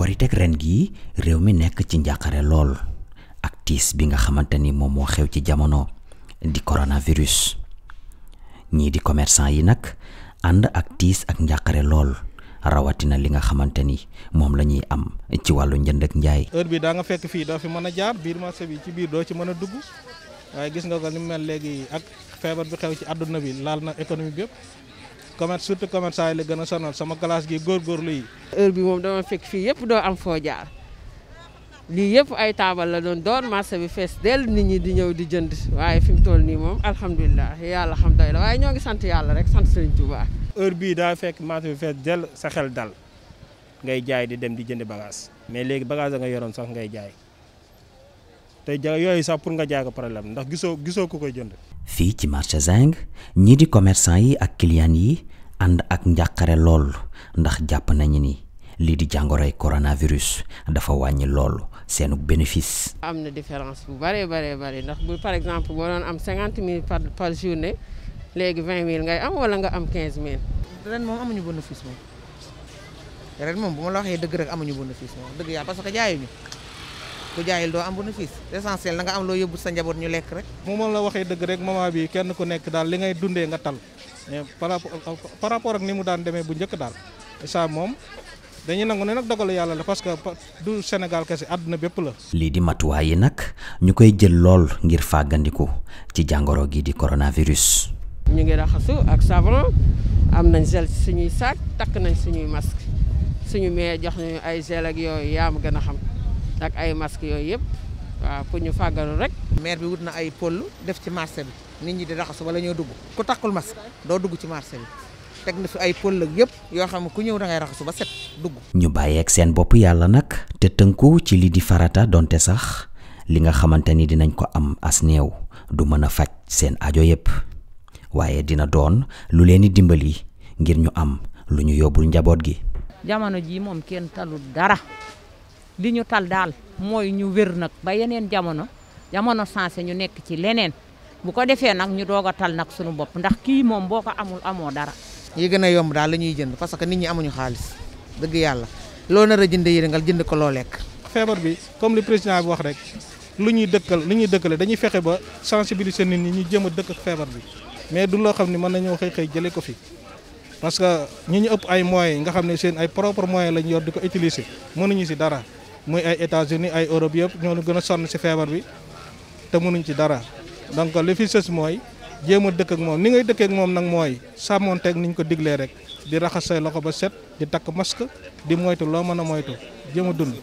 Koritek ren gi rew mi nek ci njaqare lol ak tis bi nga xamanteni mom mo xew ci jamono di coronavirus ñi di commerçant yi nak and ak tis ak njàqare lool rawatina li nga xamanteni mom lañuy am ci walu ñënd ak njaay. heure bi da nga fekk fi do fi mëna jaar biir ma bi ci biir do ci mëna dugg gis nga ko ni mel legi ak febar bi xew ci aduna bi lal na économie bi commerce surtout commerçant yi la gën a sonal sama classe gi góorgóorlu yi. heure bi moom dama fekk fii yëpp doo am foo jaar lii yëpp ay taabal la doon doon marché bi fees dell nit ñi di ñëw di jënd waaye fi mu toll nii moom alhamdulilah yàlla xam doy la waaye ñoo ngi sant yàlla rek sant Sëriñ Tuubaa. heure bii daa fekk marché bi fees dell sa xel dal ngay jaay di dem di jënd bagage mais léegi bagage da nga yoroon sax ngay jaay. te ja yooyu sax pour nga jaay ko problème ndax gisoo gisoo ku koy jënd. fii ci marché zinc ñii di commerçant yi ak client yi ànd ak njàqare lool ndax jàpp nañu ni lii di jàngoroy coronavirus dafa lool seenu bénéfice. am na différence bu bare bare ndak, ndax bu par exemple boo doon am cinquante par par journée léegi 20.000, ngay am wala nga am 15.000. mille. ren moom amuñu bénéfice moom ren moom bu ma la waxee dëgg rek amuñu bénéfice moom dëgg yàlla parce que jaayuñu ko jaayil doo am bénéfice l'essentiel da nga am loo yóbbu sa njaboot ñu lekk rek moom moom la waxee dëgg rek moment bi kenn ku nekk daal li ngay dundee nga tal mais par rapport ak ni mu daan demee bu njëkk daal ça moom dañuy nangu ne nag dogal yàlla la parce que du Sénégal kese àdduna bépp la. lii di matuwaay yi nag ñu koy jël lool ngir fàggandiku ci jangoro gi di coronavirus. ñu ngi raxasu ak savon am nañ gel ci suñuy saak takk nañ suñuy masque suñu mee jox nañu ay gel ak yooyu yaa ma gën a xam ak ay masque yooyu yep waaw pour ñu rek. maire bi wutna ay pollu def ci marché bi nit ñi di raxasu wala ñoo dugg ku takul masque do dugg ci marché bi. tek na fi ay pollu ak yëpp yoo xam ku ñew da ngay ba set dugg. ñu ak seen bop yalla nak te teunku ci li di farata donte sax li nga xamanteni dinañ ko am as neew du mëna fajj seen ajo yep waaye dina doon lu leen di dimbali ngir ñu am lu ñu yobul njabot gi. jamono ji mom talu dara. li ñu tal daal mooy ñu wér nag ba yeneen jamono jamono sensé ñu nekk ci leneen bu ko defee nag ñu doog a tal nag suñu bopp ndax kii moom boo ko amul amoo dara. yi gën a yomb daal li ñuy jënd parce que nit ñi amuñu xaalis dëgg yàlla loo nar a jënd yére nga jënd ko loo lekk. feebar bi comme li président bi wax rek lu ñuy dëkkal lu ñuy dëkkale dañuy fexe ba sensibiliser nit ñi ñu jëm a dëkk feebar bi mais du loo xam ne mën nañoo xëy xëy jëlee ko fi. parce que ñi ñu ëpp ay moyens nga xam ne seen ay propre moyens lañ yor di ko utiliser mënuñu si dara muy ay États-Unis ay Europe yëpp ñoo gën a sonn si feebar bi te mënuñ ci dara donc li fi sës mooy jéem a dëkk ak moom ni ngay dëkkee moom nag mooy sàmmonteeg ni ñu ko diglee rek di raxas say loxo ba set di takk masque di moytu loo mën a moytu jéem a dund.